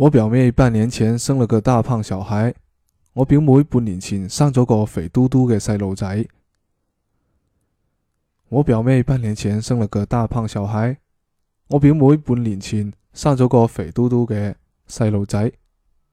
我表妹半年前生了個大胖小孩，我表妹半年前生咗個肥嘟嘟嘅細路仔。我表妹半年前生了個大胖小孩，我表妹半年前生咗個肥嘟嘟嘅細路仔。